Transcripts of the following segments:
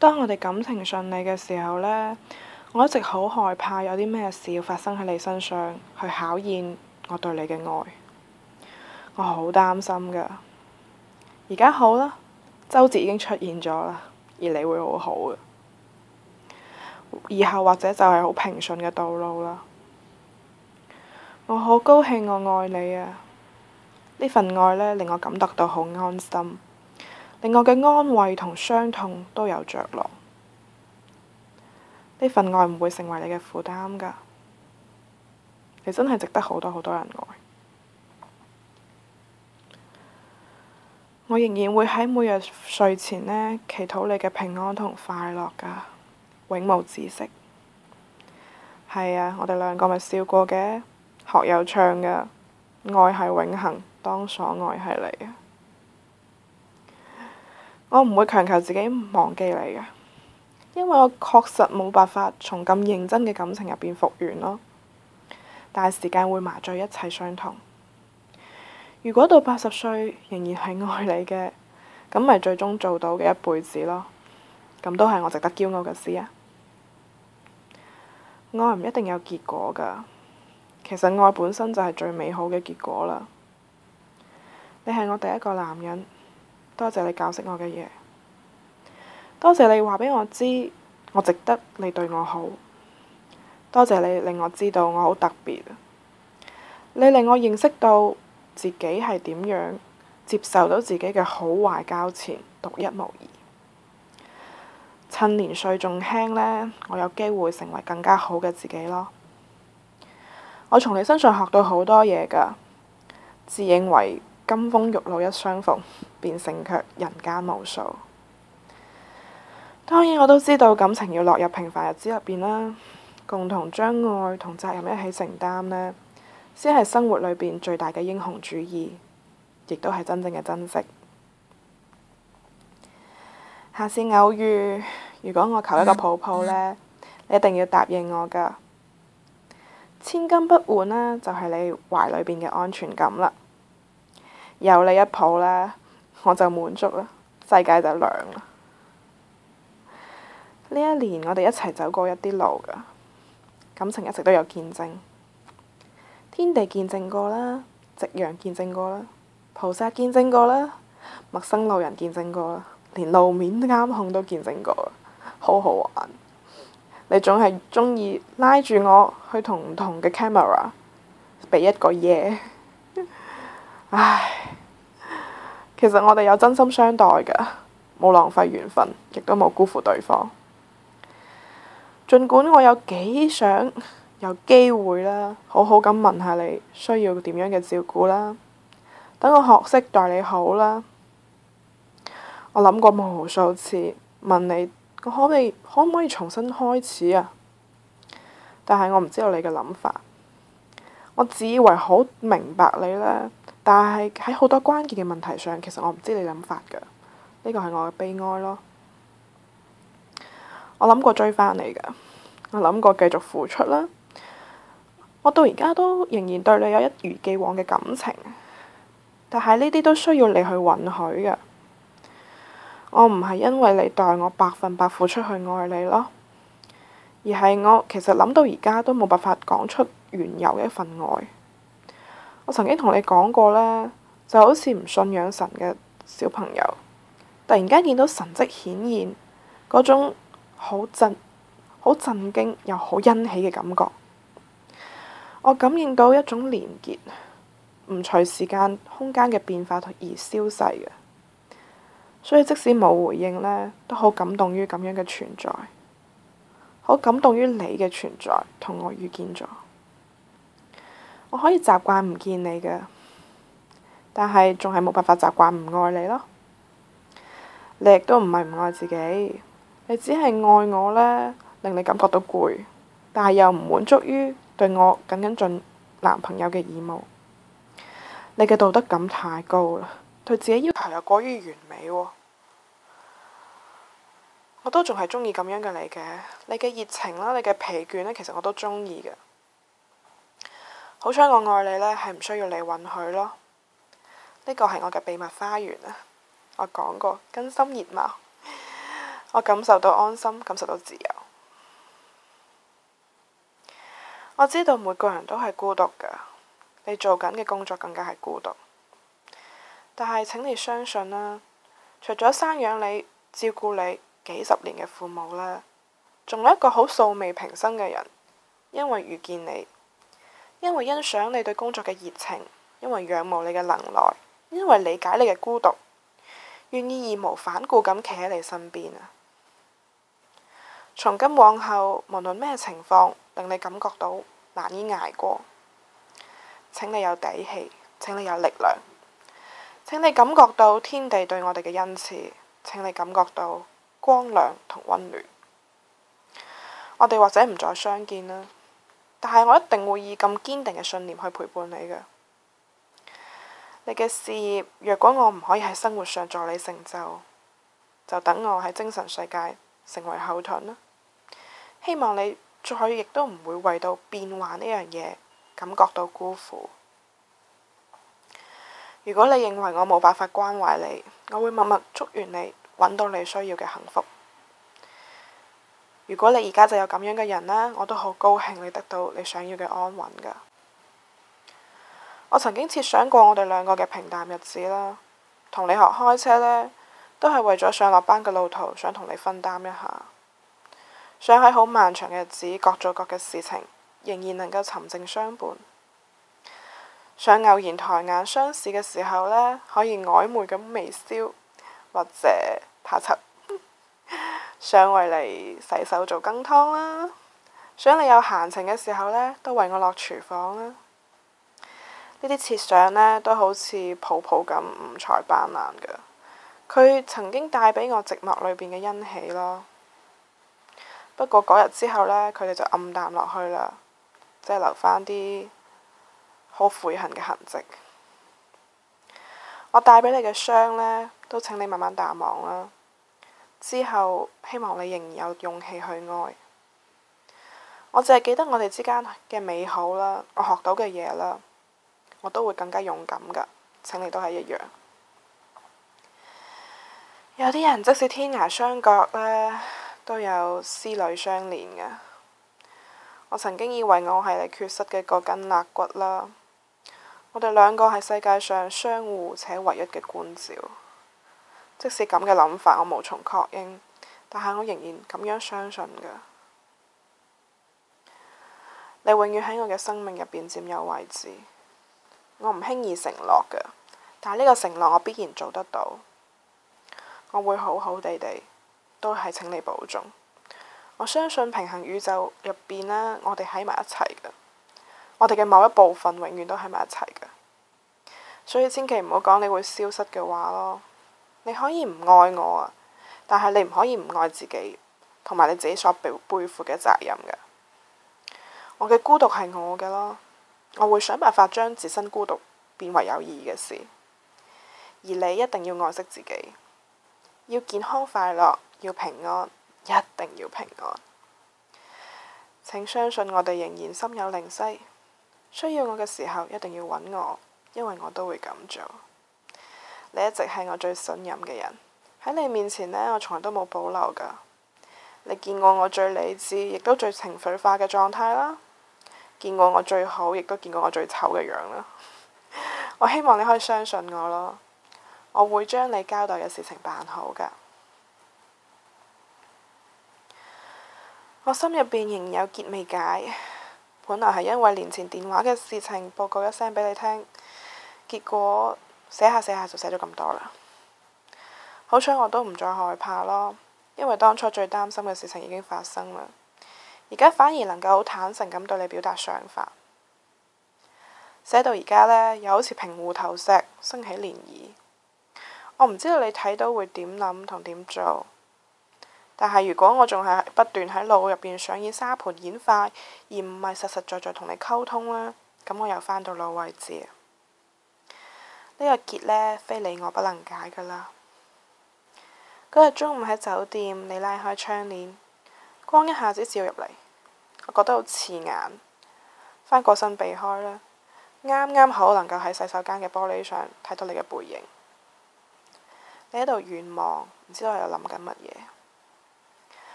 當我哋感情順利嘅時候呢，我一直好害怕有啲咩事要發生喺你身上，去考驗我對你嘅愛。我好擔心噶，而家好啦，周折已經出現咗啦，而你會好好嘅，以後或者就係好平順嘅道路啦。我好高興，我愛你啊！呢份愛呢，令我感覺到好安心。令我嘅安慰同傷痛都有着落，呢份愛唔會成為你嘅負擔㗎。你真係值得好多好多人愛。我仍然會喺每日睡前呢，祈禱你嘅平安同快樂㗎，永無止息。係啊，我哋兩個咪笑過嘅，學友唱嘅，愛係永恆，當所愛係你啊！我唔會強求自己忘記你㗎，因為我確實冇辦法從咁認真嘅感情入面復原咯。但係時間會麻醉一切傷痛。如果到八十歲仍然係愛你嘅，咁咪最終做到嘅一輩子咯。咁都係我值得驕傲嘅事啊！愛唔一定有結果㗎，其實愛本身就係最美好嘅結果啦。你係我第一個男人。多謝你教識我嘅嘢，多謝你話俾我知，我值得你對我好。多謝你令我知道我好特別，你令我認識到自己係點樣，接受到自己嘅好壞交纏，獨一無二。趁年歲仲輕呢，我有機會成為更加好嘅自己咯。我從你身上學到好多嘢㗎，自認為金風玉露一相逢。便勝卻人間無數。當然，我都知道感情要落入平凡日子入邊啦，共同將愛同責任一起承擔咧，先係生活裏邊最大嘅英雄主義，亦都係真正嘅珍惜。下次偶遇，如果我求一個抱抱呢， 你一定要答應我㗎，千金不換啦，就係你懷裏邊嘅安全感啦，有你一抱啦。我就滿足啦，世界就涼啦。呢一年我哋一齊走過一啲路㗎，感情一直都有見證。天地見證過啦，夕陽見證過啦，菩薩見證過啦，陌生路人見證過啦，連路面監控都見證過，好好玩。你總係鍾意拉住我去同唔同嘅 camera 俾一個 y、yeah、 唉。其實我哋有真心相待㗎，冇浪費緣分，亦都冇辜負對方。儘管我有幾想有機會啦，好好咁問下你需要點樣嘅照顧啦，等我學識待你好啦。我諗過無數次問你，我可唔可以，可唔可以重新開始啊？但係我唔知道你嘅諗法，我自以為好明白你啦。但係喺好多關鍵嘅問題上，其實我唔知你諗法㗎，呢個係我嘅悲哀咯。我諗過追返你㗎，我諗過繼續付出啦。我到而家都仍然對你有一如既往嘅感情，但係呢啲都需要你去允許㗎。我唔係因為你代我百分百付出去愛你咯，而係我其實諗到而家都冇辦法講出原由嘅一份愛。我曾經同你講過啦，就好似唔信仰神嘅小朋友，突然間見到神跡顯現，嗰種好震、好震驚又好欣喜嘅感覺，我感應到一種連結，唔隨時間空間嘅變化而消逝嘅，所以即使冇回應呢，都好感動於咁樣嘅存在，好感動於你嘅存在同我遇見咗。我可以習慣唔見你嘅，但係仲係冇辦法習慣唔愛你咯。你亦都唔係唔愛自己，你只係愛我咧，令你感覺到攰，但係又唔滿足於對我僅僅盡男朋友嘅義務。你嘅道德感太高喇，對自己要求又過於完美喎。我都仲係中意咁樣嘅你嘅，你嘅熱情啦，你嘅疲倦呢，其實我都中意嘅。好彩我愛你呢，係唔需要你允許咯。呢個係我嘅秘密花園啊！我講過，根深葉茂，我感受到安心，感受到自由。我知道每個人都係孤獨噶，你做緊嘅工作更加係孤獨。但係請你相信啦，除咗生養你、照顧你幾十年嘅父母啦，仲有一個好素未平生嘅人，因為遇見你。因為欣賞你對工作嘅熱情，因為仰慕你嘅能耐，因為理解你嘅孤獨，願意義無反顧咁企喺你身邊啊！從今往後，無論咩情況令你感覺到難以捱過，請你有底氣，請你有力量，請你感覺到天地對我哋嘅恩賜，請你感覺到光亮同温暖。我哋或者唔再相見啦。但係我一定會以咁堅定嘅信念去陪伴你嘅。你嘅事業，若果我唔可以喺生活上助你成就，就等我喺精神世界成為後盾啦。希望你再亦都唔會為到變幻呢樣嘢感覺到辜負。如果你認為我冇辦法關懷你，我會默默祝願你揾到你需要嘅幸福。如果你而家就有咁樣嘅人呢，我都好高興你得到你想要嘅安穩㗎。我曾經設想過我哋兩個嘅平淡日子啦，同你學開車呢，都係為咗上落班嘅路途，想同你分擔一下，想喺好漫長嘅日子各做各嘅事情，仍然能夠沉靜相伴，想偶然抬眼相視嘅時候呢，可以曖昧咁微笑或者打擦。想為你洗手做羹湯啦！想你有閒情嘅時候呢，都為我落廚房啦。呢啲設想呢，都好似泡泡咁五彩斑斕㗎。佢曾經帶俾我寂寞裏面嘅欣喜咯。不過嗰日之後呢，佢哋就暗淡落去啦，即係留翻啲好悔恨嘅痕跡。我帶俾你嘅傷呢，都請你慢慢淡忘啦。之後，希望你仍有勇氣去愛。我淨係記得我哋之間嘅美好啦，我學到嘅嘢啦，我都會更加勇敢㗎。請你都係一樣。有啲人即使天涯相隔咧，都有思緒相連嘅。我曾經以為我係你缺失嘅嗰根肋骨啦。我哋兩個係世界上相互且唯一嘅觀照。即使咁嘅諗法，我無從確認，但係我仍然咁樣相信嘅。你永遠喺我嘅生命入邊佔有位置，我唔輕易承諾嘅，但係呢個承諾我必然做得到。我會好好地地，都係請你保重。我相信平行宇宙入邊呢，我哋喺埋一齊嘅，我哋嘅某一部分永遠都喺埋一齊嘅，所以千祈唔好講你會消失嘅話咯。你可以唔愛我啊，但係你唔可以唔愛自己，同埋你自己所背負嘅責任㗎。我嘅孤獨係我嘅咯，我會想辦法將自身孤獨變為有意義嘅事。而你一定要愛惜自己，要健康快樂，要平安，一定要平安。請相信我哋仍然心有靈犀，需要我嘅時候一定要搵我，因為我都會咁做。你一直係我最信任嘅人，喺你面前呢，我從來都冇保留噶。你見過我最理智，亦都最情緒化嘅狀態啦；見過我最好，亦都見過我最醜嘅樣啦。 我希望你可以相信我咯，我會將你交代嘅事情辦好噶。我心入邊仍有結未解，本來係因為年前電話嘅事情報告一聲俾你聽，結果。寫下寫下就寫咗咁多啦。好彩我都唔再害怕咯，因為當初最擔心嘅事情已經發生啦。而家反而能夠好坦誠咁對你表達想法。寫到而家呢，又好似平湖投石，升起漣漪。我唔知道你睇到會點諗同點做，但係如果我仲係不斷喺腦入邊上演沙盤演化，而唔係實實在在同你溝通呢，咁我又翻到老位置。呢個結呢，非你我不能解㗎喇。嗰日中午喺酒店，你拉開窗簾，光一下子照入嚟，我覺得好刺眼，翻過身避開啦。啱啱好能夠喺洗手間嘅玻璃上睇到你嘅背影，你喺度遠望，唔知我喺度諗緊乜嘢。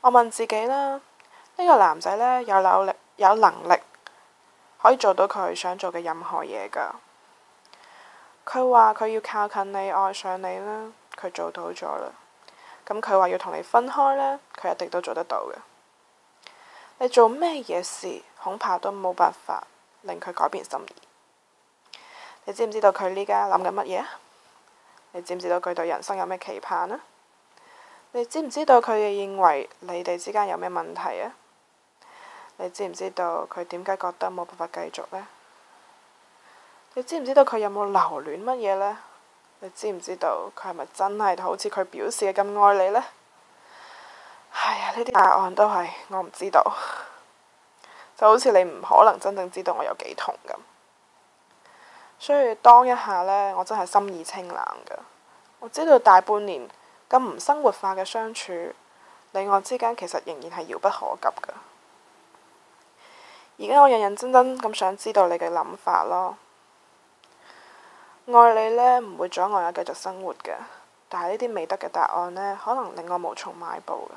我問自己啦，呢、呢個男仔呢，有扭力，有能力可以做到佢想做嘅任何嘢㗎。佢話佢要靠近你、愛上你啦，佢做到咗啦。咁佢話要同你分開呢，佢一定都做得到嘅。你做咩嘢事恐怕都冇辦法令佢改變心意。你知唔知道佢呢家諗緊乜嘢啊？你知唔知道佢對人生有咩期盼啊？你知唔知道佢嘅認為你哋之間有咩問題啊？你知唔知道佢點解覺得冇辦法繼續呢？你知唔知道佢有冇留戀乜嘢呢？你知唔知道佢係咪真係好似佢表示嘅咁愛你呢？哎呀，呢啲答案都係我唔知道， 就好似你唔可能真正知道我有幾痛咁。所以當一下呢，我真係心意清冷㗎。我知道大半年咁唔生活化嘅相處，你我之間其實仍然係遙不可及㗎。而家我認認真真咁想知道你嘅諗法咯。愛你呢，唔會阻礙我繼續生活嘅，但係呢啲未得嘅答案呢，可能令我無從邁步嘅。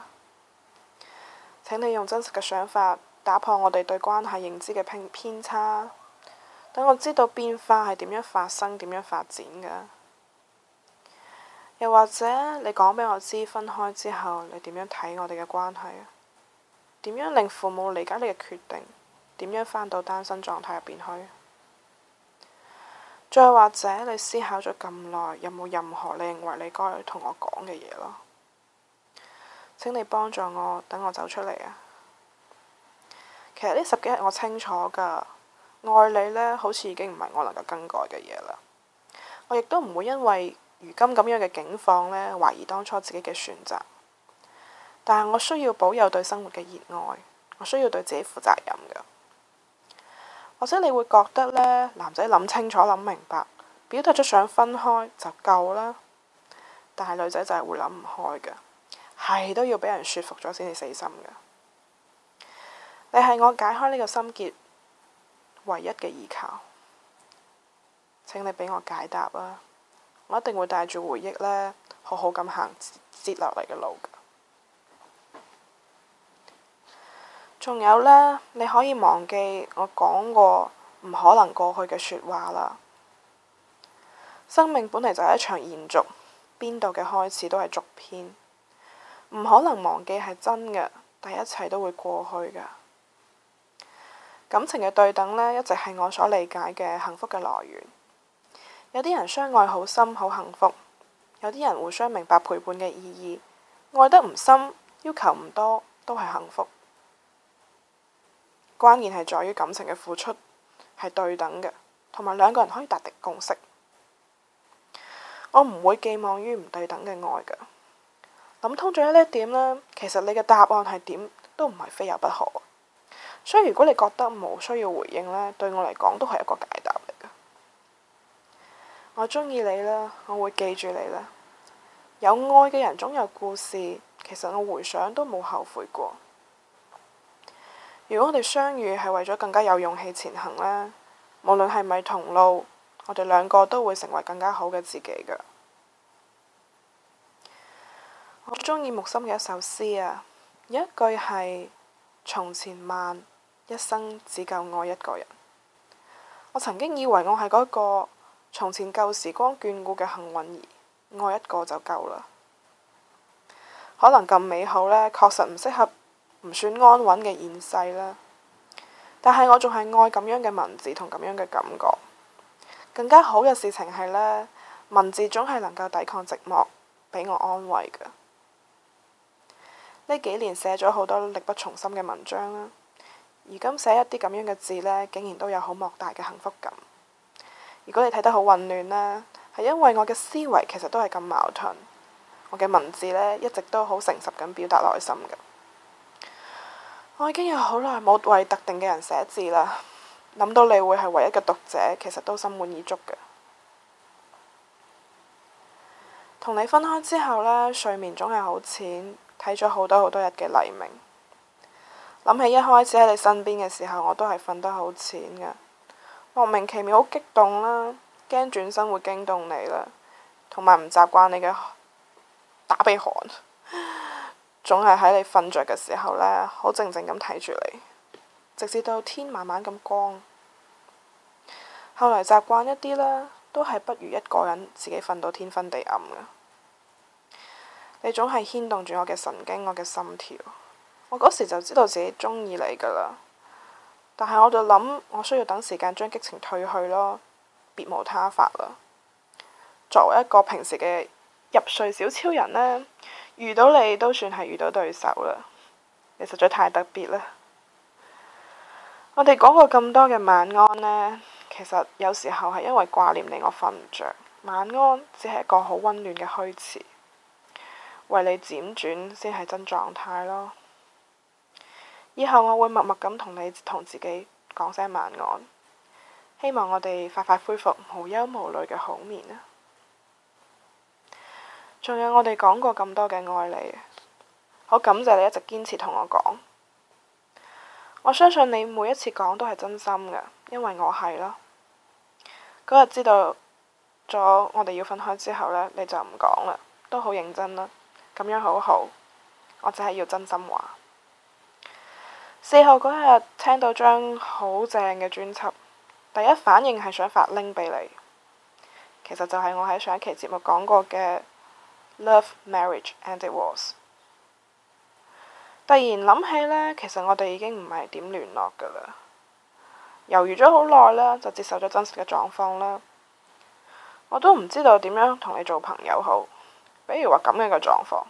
請你用真實嘅想法打破我哋對關係認知嘅偏差，等我知道變化係點樣發生、點樣發展嘅。又或者你講俾我知，分開之後，你點樣睇我哋嘅關係啊？點樣令父母理解你嘅決定？點樣返到單身狀態入邊去？再或者，你思考咗咁耐，有冇任何你認為你該同我講嘅嘢咯？請你幫助我，等我走出嚟啊！其實呢十幾日我清楚㗎，愛你呢好似已經唔係我能夠更改嘅嘢啦。我亦都唔會因為如今咁樣嘅境況呢懷疑當初自己嘅選擇。但係我需要保有對生活嘅熱愛，我需要對自己負責任㗎。或者你會覺得呢，男仔諗清楚、諗明白，表達咗想分開就夠啦。但係女仔就係會諗唔開嘅，係都要俾人說服咗先至死心嘅。你係我解開呢個心結唯一嘅依靠，請你俾我解答啦。我一定會帶住回憶呢，好好咁行接落嚟嘅路。仲有呢，你可以忘記我講過唔可能過去嘅説話喇。生命本嚟就係一場延續，邊度嘅開始都係續篇，唔可能忘記係真嘅，但一切都會過去㗎。感情嘅對等呢，一直係我所理解嘅幸福嘅來源。有啲人相愛好深，好幸福；有啲人互相明白陪伴嘅意義，愛得唔深，要求唔多，都係幸福。關鍵係在於感情嘅付出係對等嘅，同埋兩個人可以達成共識。我唔會寄望於唔對等嘅愛噶。諗通咗呢一點呢，其實你嘅答案係點都唔係非有不可。所以如果你覺得冇需要回應呢，對我嚟講都係一個解答嚟噶。我中意你啦，我會記住你啦。有愛嘅人總有故事，其實我回想都冇後悔過。如果我哋相遇係為咗更加有勇氣前行咧，無論係咪同路，我哋兩個都會成為更加好嘅自己嘅。我中意木心嘅一首詩啊，有一句係，從前慢，一生只夠愛一個人。我曾經以為我係嗰個從前舊時光眷顧嘅幸運兒，愛一個就夠啦。可能咁美好呢，確實唔適合。唔算安穩嘅現世啦，但係我仲係愛咁樣嘅文字同咁樣嘅感覺。更加好嘅事情係呢，文字總係能夠抵抗寂寞，俾我安慰嘅。呢幾年寫咗好多力不從心嘅文章啦，而今寫一啲咁樣嘅字呢，竟然都有好莫大嘅幸福感。如果你睇得好混亂呢，係因為我嘅思維其實都係咁矛盾，我嘅文字呢，一直都好誠實咁表達內心嘅。我已經有好耐冇為特定嘅人寫字啦，諗到你會係唯一嘅讀者，其實都心滿意足嘅。同你分開之後呢，睡眠總係好淺，睇咗好多好多日嘅黎明。諗起一開始喺你身邊嘅時候，我都係瞓得好淺嘅，莫名其妙好激動啦，驚轉身會驚動你啦，同埋唔習慣你嘅打鼻鼾。總係喺你瞓着嘅時候呢，好靜靜咁睇住你，直至到天慢慢咁光。後來習慣一啲啦，都係不如一個人自己瞓到天昏地暗嘅。你總係牽動住我嘅神經，我嘅心跳。我嗰時就知道自己鍾意你㗎喇，但係我就諗，我需要等時間將激情退去咯，別無他法啦。作為一個平時嘅入睡小超人呢。遇到你都算係遇到對手啦，你實在太特別啦。我哋講過咁多嘅晚安呢，其實有時候係因為掛念你，我瞓唔着。晚安只係一個好温暖嘅虛詞，為你輾轉先係真狀態咯。以後我會默默咁同你同自己講聲晚安，希望我哋快快恢復無憂無慮嘅好眠啊！仲有我哋講過咁多嘅愛你，好感謝你一直堅持同我講。我相信你每一次講都係真心嘅，因為我係咯。嗰日知道咗我哋要分開之後呢，你就唔講啦，都好認真啦，咁樣好好。我只係要真心話。四號嗰日聽到張好正嘅專輯，第一反應係想發 link 俾你。其實就係我喺上一期節目講過嘅。Love, marriage and divorce。突然諗起呢，其實我哋已經唔係點聯絡㗎喇。猶豫咗好耐啦，就接受咗真實嘅狀況啦。我都唔知道點樣同你做朋友好。比如話咁樣嘅狀況，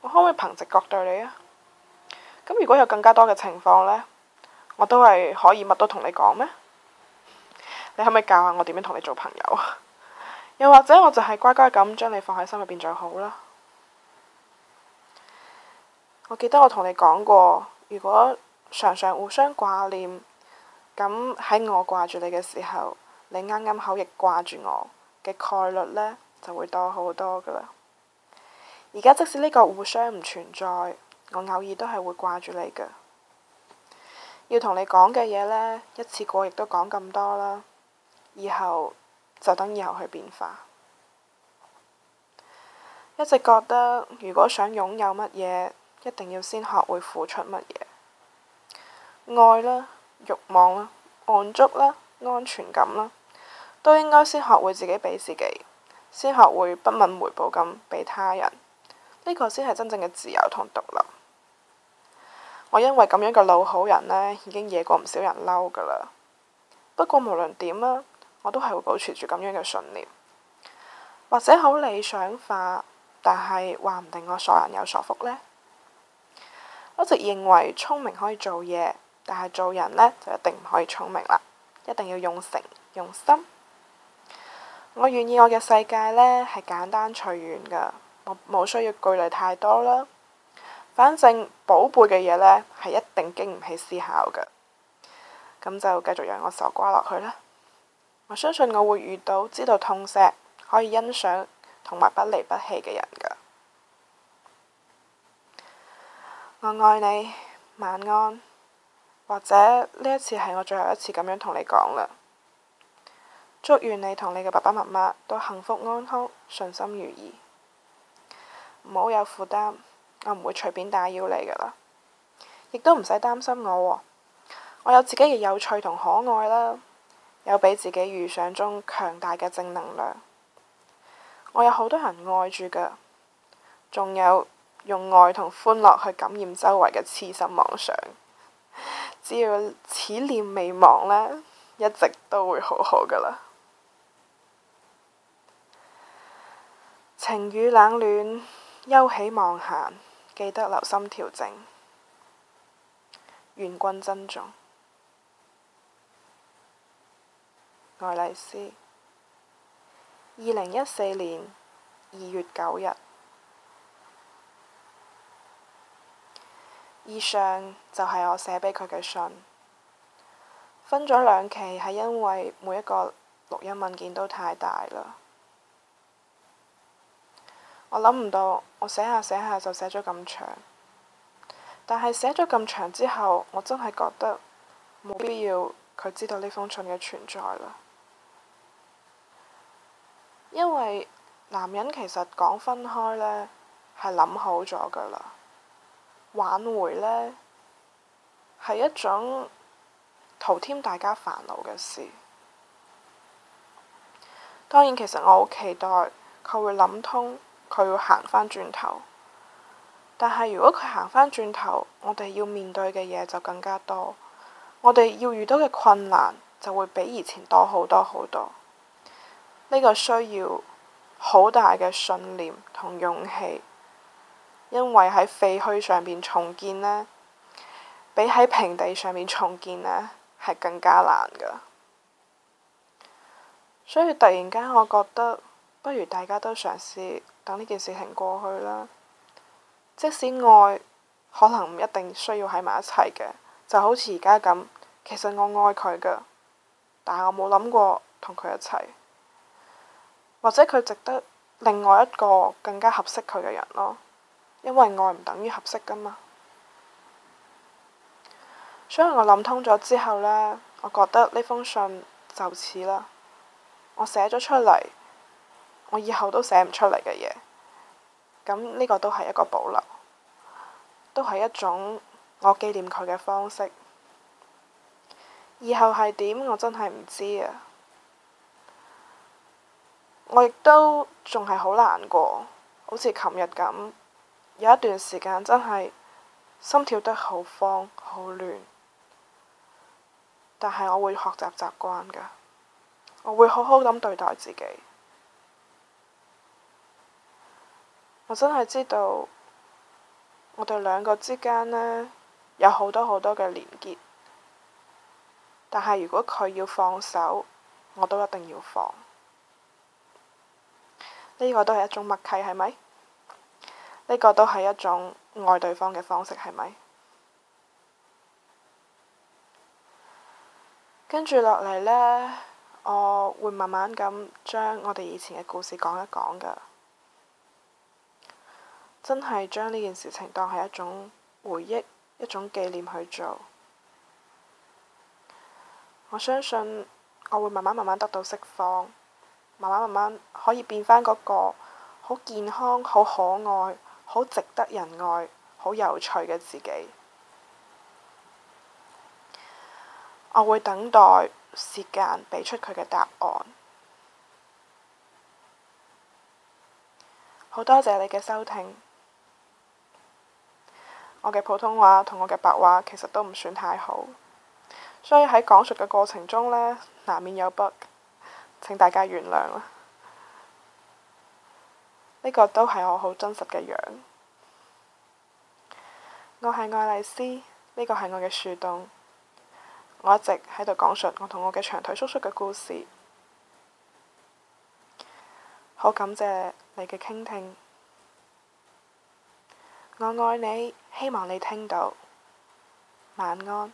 我可唔可以憑直覺對你啊？咁如果有更加多嘅情況呢，我都係可以乜都同你講咩？你可唔可以教下我點樣同你做朋友？又或者，我就係乖乖咁將你放喺心入邊最好啦。我記得我同你講過，如果常常互相掛念，咁喺我掛住你嘅時候，你啱啱好亦掛住我嘅概率呢就會多好多噶啦。而家即使呢個互相唔存在，我偶爾都係會掛住你嘅。要同你講嘅嘢呢，一次過亦都講咁多啦。以後。就等以後去變化。一直覺得，如果想擁有乜嘢，一定要先學會付出乜嘢。愛啦、慾望啦、滿足啦、安全感啦，都應該先學會自己俾自己，先學會不問回報咁俾他人。呢個先係真正嘅自由同獨立。我因為咁樣嘅老好人呢，已經惹過唔少人嬲噶啦。不過無論點呀，我都係會保持住咁樣嘅信念，或者好理想化，但係話唔定我傻人有傻福呢。我一直認為聰明可以做嘢，但係做人呢，就一定唔可以聰明啦，一定要用誠用心。我願意我嘅世界呢，係簡單隨緣噶，我冇需要顧慮太多啦。反正寶貝嘅嘢呢，係一定經唔起思考噶，咁就繼續讓我傻瓜落去啦。我相信我會遇到知道痛錫、可以欣賞同埋不離不棄嘅人噶。我愛你，晚安。或者呢一次係我最後一次咁樣同你講喇。祝願你同你嘅爸爸媽媽都幸福安康、順心如意，唔好有負擔。我唔會隨便打擾你噶喇，亦都唔使擔心我喎、哦。我有自己嘅有趣同可愛啦。有比自己預想中強大嘅正能量，我有好多人愛住㗎，仲有用愛同歡樂去感染周圍嘅痴心妄想，只要此念未忘呢，一直都會好好㗎喇。情雨冷暖，憂喜忘閒，記得留心調整，願君珍重。愛麗絲，二零一四年二月九日，以上就係我寫俾佢嘅信。分咗兩期係因為每一個錄音文件都太大喇。我諗唔到我寫下寫下就寫咗咁長，但係寫咗咁長之後，我真係覺得冇必要佢知道呢封信嘅存在喇。因為男人其實講分開呢，係諗好咗㗎喇。挽回呢，係一種徒添大家煩惱嘅事。當然，其實我好期待佢會諗通，佢會行翻轉頭。但係如果佢行翻轉頭，我哋要面對嘅嘢就更加多，我哋要遇到嘅困難就會比以前多好多好多。呢個需要好大嘅信念同勇氣，因為喺廢墟上面重建呢，比喺平地上面重建呢，係更加難㗎。所以突然間，我覺得不如大家都嘗試等呢件事情過去啦。即使愛可能唔一定需要喺埋一齊嘅，就好似而家咁，其實我愛佢㗎，但係我冇諗過同佢一齊。或者佢值得另外一個更加合適佢嘅人咯，因為愛唔等於合適㗎嘛。所以我諗通咗之後呢，我覺得呢封信就似喇，我寫咗出嚟，我以後都寫唔出嚟嘅嘢，咁、這、呢個都係一個保留，都係一種我紀念佢嘅方式。以後係點，我真係唔知啊。我亦都仲係好難過，好似琴日咁，有一段時間真係心跳得好慌、好亂。但係我會學習習慣㗎，我會好好咁對待自己。我真係知道，我哋兩個之間呢，有好多好多嘅連結，但係如果佢要放手，我都一定要放。呢個都係一種默契，係咪？呢個都係一種愛對方嘅方式，係咪？跟住落嚟呢，我會慢慢咁將我哋以前嘅故事講一講噶。真係將呢件事情當係一種回憶、一種紀念去做。我相信我會慢慢慢慢得到釋放。慢慢慢慢可以變翻嗰個好健康、好可愛、好值得人愛、好有趣嘅自己。我會等待時間俾出佢嘅答案。好多謝你嘅收聽。我嘅普通話同我嘅白話其實都唔算太好，所以喺講述嘅過程中呢，難免有 b 請大家原諒啦，呢個都係我好真實嘅樣。我係愛麗絲，呢個係我嘅樹洞。我一直喺度講述我同我嘅長腿叔叔嘅故事。好感謝你嘅傾聽，我愛你，希望你聽到。晚安。